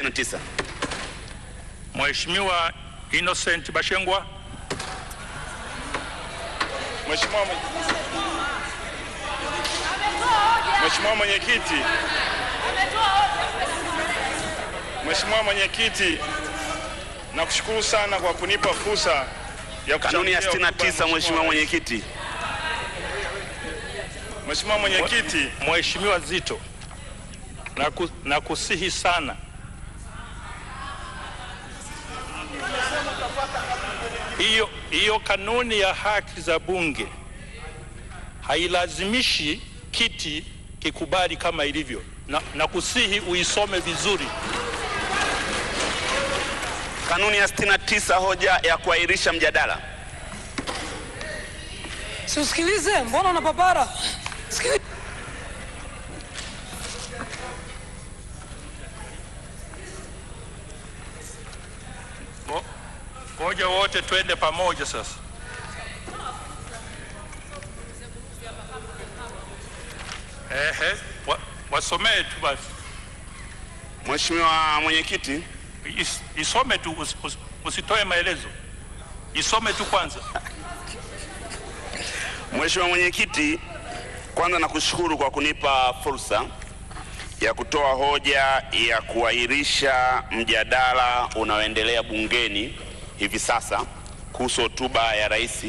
9. Mheshimiwa Innocent Bashengwa. Mheshimiwa Mheshimiwa Mwenyekiti. Mheshimiwa Mwenyekiti, nakushukuru sana kwa kunipa fursa ya kanuni ya 69 Mheshimiwa Mwenyekiti. Mheshimiwa Mwenyekiti, Mheshimiwa Zito, nakusihi sana hiyo hiyo kanuni ya haki za bunge hailazimishi kiti kikubali kama ilivyo, na, na kusihi uisome vizuri kanuni ya 69 hoja ya kuahirisha mjadala. Siusikilize, mbona unapapara? Sikilize. Ngoja wote twende pamoja sasa. Ehe, wasomee tu basi. Mheshimiwa Mwenyekiti, isome tu us, us, usitoe maelezo, isome tu kwanza. Mheshimiwa Mwenyekiti, kwanza nakushukuru kwa kunipa fursa ya kutoa hoja ya kuahirisha mjadala unaoendelea bungeni hivi sasa kuhusu hotuba ya rais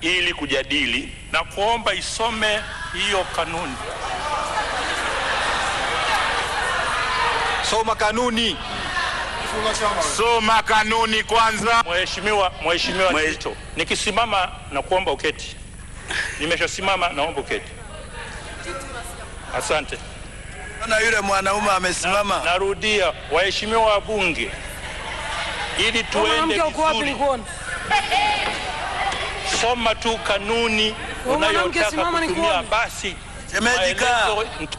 ili kujadili na kuomba isome hiyo kanuni, soma kanuni, soma kanuni kwanza. Mheshimiwa, Mheshimiwa Nzito, nikisimama na kuomba uketi. Nimeshasimama, naomba uketi. Asante. Na yule mwanaume amesimama. Na, narudia, waheshimiwa wabunge ili tuende vizuri. Soma tu kanuni unayotaka kutumia basi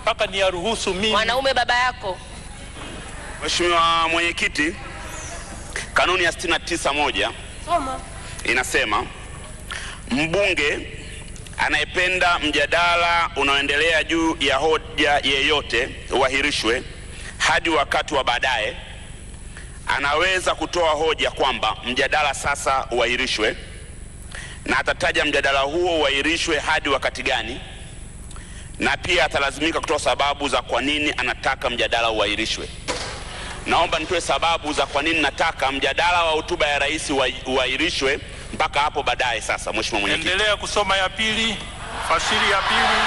mpaka niyaruhusu mimi. Mwanaume baba yako. Mheshimiwa Mwenyekiti, kanuni ya 69 moja soma inasema mbunge anayependa mjadala unaoendelea juu ya hoja yeyote uahirishwe hadi wakati wa baadaye anaweza kutoa hoja kwamba mjadala sasa uahirishwe, na atataja mjadala huo uahirishwe hadi wakati gani, na pia atalazimika kutoa sababu za kwa nini anataka mjadala uahirishwe. Naomba nitoe sababu za kwa nini nataka mjadala wa hotuba ya rais uahirishwe mpaka hapo baadaye. Sasa Mheshimiwa Mwenyekiti, endelea kusoma ya pili, fasiri ya pili.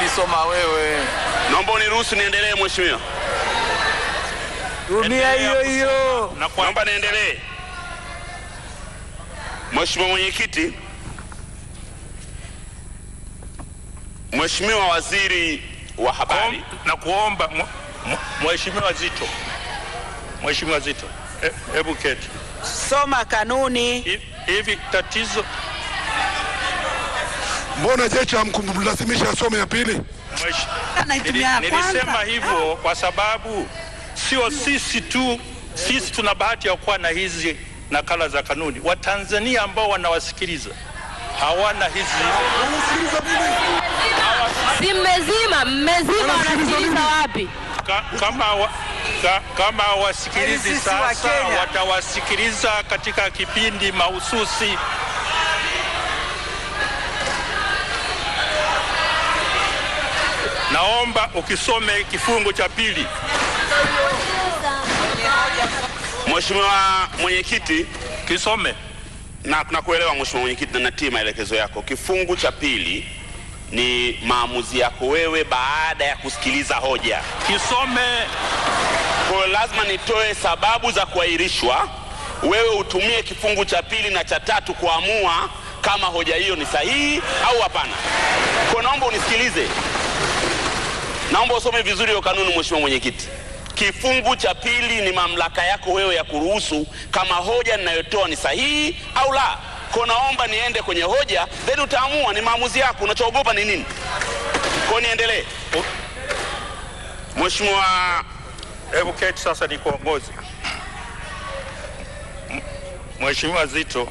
ulisoma wewe. Naomba uniruhusu niendelee, mheshimiwa. Rudia hiyo hiyo. Naomba niendelee. Mheshimiwa mwenyekiti, Mheshimiwa waziri wa habari, na kuomba Mheshimiwa Zito, Mheshimiwa Zito, hebu e, keti, soma kanuni hivi. Tatizo Mbona Jecha hamkumlazimisha asome ya pili? Nilisema hivyo ah. kwa sababu sio sisi tu, sisi tuna bahati ya kuwa na hizi nakala za kanuni. Watanzania ambao wanawasikiliza hawana hizi si mmezima mmezima, wanasikiliza wapi? Kama wa kama wasikilizi sasa, watawasikiliza katika kipindi mahususi. naomba ukisome kifungu cha pili. Mheshimiwa Mwenyekiti, kisome na nakuelewa Mheshimiwa Mwenyekiti, na natii maelekezo yako. Kifungu cha pili ni maamuzi yako wewe baada ya kusikiliza hoja. Kisome. Kwa lazima nitoe sababu za kuahirishwa, wewe utumie kifungu cha pili na cha tatu kuamua kama hoja hiyo ni sahihi au hapana. Kwa naomba unisikilize. Naomba usome vizuri hiyo kanuni, mheshimiwa mwenyekiti. Kifungu cha pili ni mamlaka yako wewe ya kuruhusu kama hoja ninayotoa ni sahihi au la. Kwa naomba niende kwenye hoja, then utaamua, ni maamuzi yako. Unachoogopa ni nini? Kwa niendelee, mheshimiwa advocate. Sasa ni kuongozi, mheshimiwa Zito,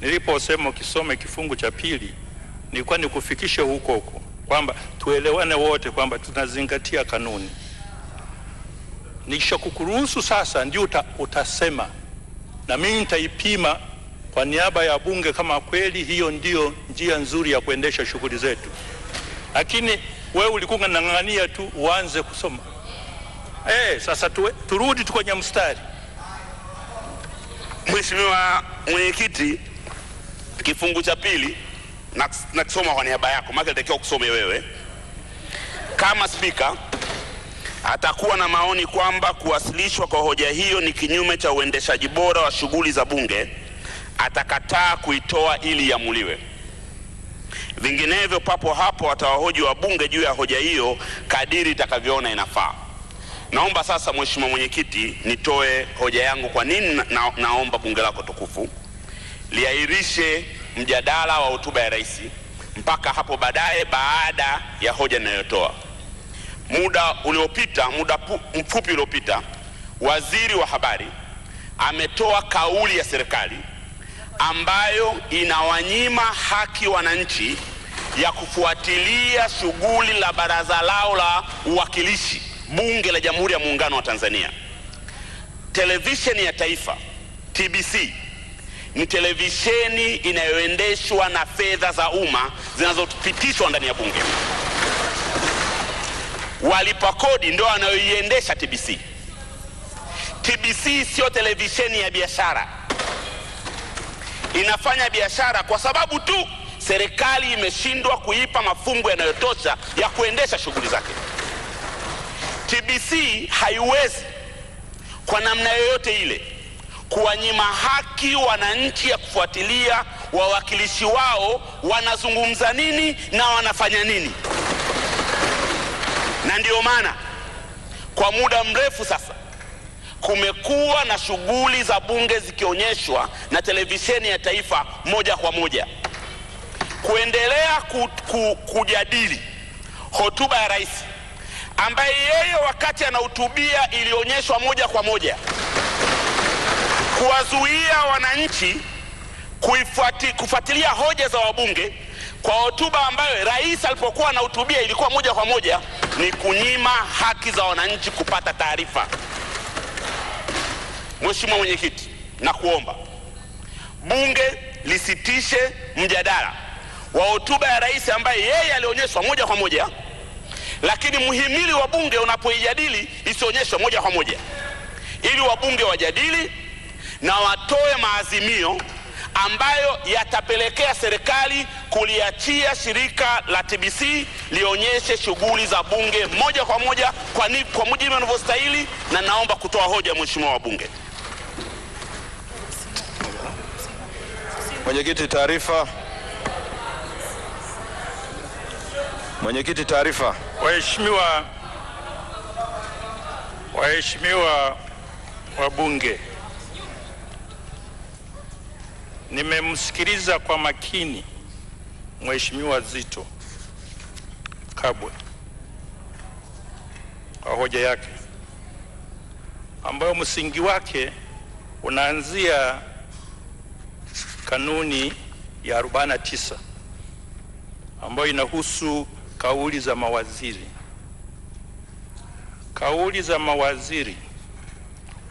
niliposema ukisome kifungu cha pili nilikuwa nikufikishe huko huko kwamba tuelewane wote kwamba tunazingatia kanuni. Nikishakukuruhusu sasa, ndio utasema na mimi nitaipima kwa niaba ya bunge kama kweli hiyo ndiyo njia nzuri ya kuendesha shughuli zetu. Lakini wewe ulikuwa unang'ang'ania tu uanze kusoma eh. Sasa tuwe, turudi tu kwenye mstari. Mheshimiwa Mwenyekiti, kifungu cha pili na kusoma kwa niaba yako, maana natakiwa kusome wewe. Kama spika atakuwa na maoni kwamba kuwasilishwa kwa hoja hiyo ni kinyume cha uendeshaji bora wa shughuli za bunge, atakataa kuitoa ili iamuliwe. Vinginevyo papo hapo atawahoji bunge juu ya hoja hiyo kadiri itakavyoona inafaa. Naomba sasa, Mheshimiwa Mwenyekiti, nitoe hoja yangu kwa nini na, naomba bunge lako tukufu liahirishe mjadala wa hotuba ya rais mpaka hapo baadaye, baada ya hoja inayotoa. Muda uliopita muda mfupi uliopita, waziri wa habari ametoa kauli ya serikali ambayo inawanyima haki wananchi ya kufuatilia shughuli la baraza lao la uwakilishi bunge la Jamhuri ya Muungano wa Tanzania. Televisheni ya Taifa TBC ni televisheni inayoendeshwa na fedha za umma zinazopitishwa ndani ya Bunge. Walipa kodi ndio wanayoiendesha TBC. TBC siyo televisheni ya biashara, inafanya biashara kwa sababu tu serikali imeshindwa kuipa mafungu yanayotosha ya kuendesha shughuli zake. TBC haiwezi kwa namna yoyote ile kuwanyima haki wananchi ya kufuatilia wawakilishi wao wanazungumza nini na wanafanya nini. Na ndiyo maana kwa muda mrefu sasa kumekuwa na shughuli za bunge zikionyeshwa na televisheni ya taifa moja kwa moja kuendelea ku, ku, kujadili hotuba ya rais ambaye yeye wakati anahutubia ilionyeshwa moja kwa moja kuwazuia wananchi kufuatilia hoja za wabunge kwa hotuba ambayo rais alipokuwa anahutubia ilikuwa moja kwa moja ni kunyima haki za wananchi kupata taarifa. Mheshimiwa Mwenyekiti, na kuomba bunge lisitishe mjadala wa hotuba ya rais ambaye yeye alionyeshwa moja kwa moja, lakini muhimili wa bunge unapoijadili isionyeshwe moja kwa moja, ili wabunge wajadili na watoe maazimio ambayo yatapelekea serikali kuliachia shirika la TBC lionyeshe shughuli za bunge moja kwa moja kwa, kwa mujibu anavyostahili, na naomba kutoa hoja, mheshimiwa wabunge. Mwenyekiti, taarifa. Mwenyekiti, taarifa. Waheshimiwa, waheshimiwa wabunge Nimemsikiliza kwa makini Mheshimiwa Zito Kabwe kwa hoja yake ambayo msingi wake unaanzia kanuni ya 49 ambayo inahusu kauli za mawaziri. Kauli za mawaziri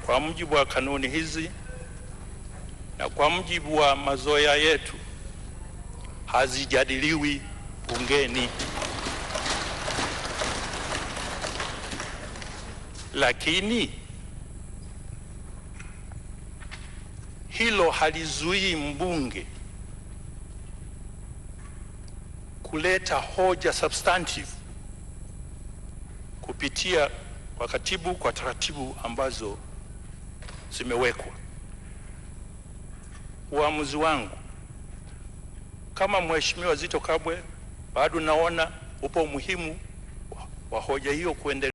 kwa mujibu wa kanuni hizi na kwa mjibu wa mazoea yetu hazijadiliwi bungeni, lakini hilo halizuii mbunge kuleta hoja substantive kupitia kwa katibu kwa taratibu ambazo zimewekwa uamuzi wangu kama Mheshimiwa Zito Kabwe, bado naona upo umuhimu wa hoja hiyo kuendelea.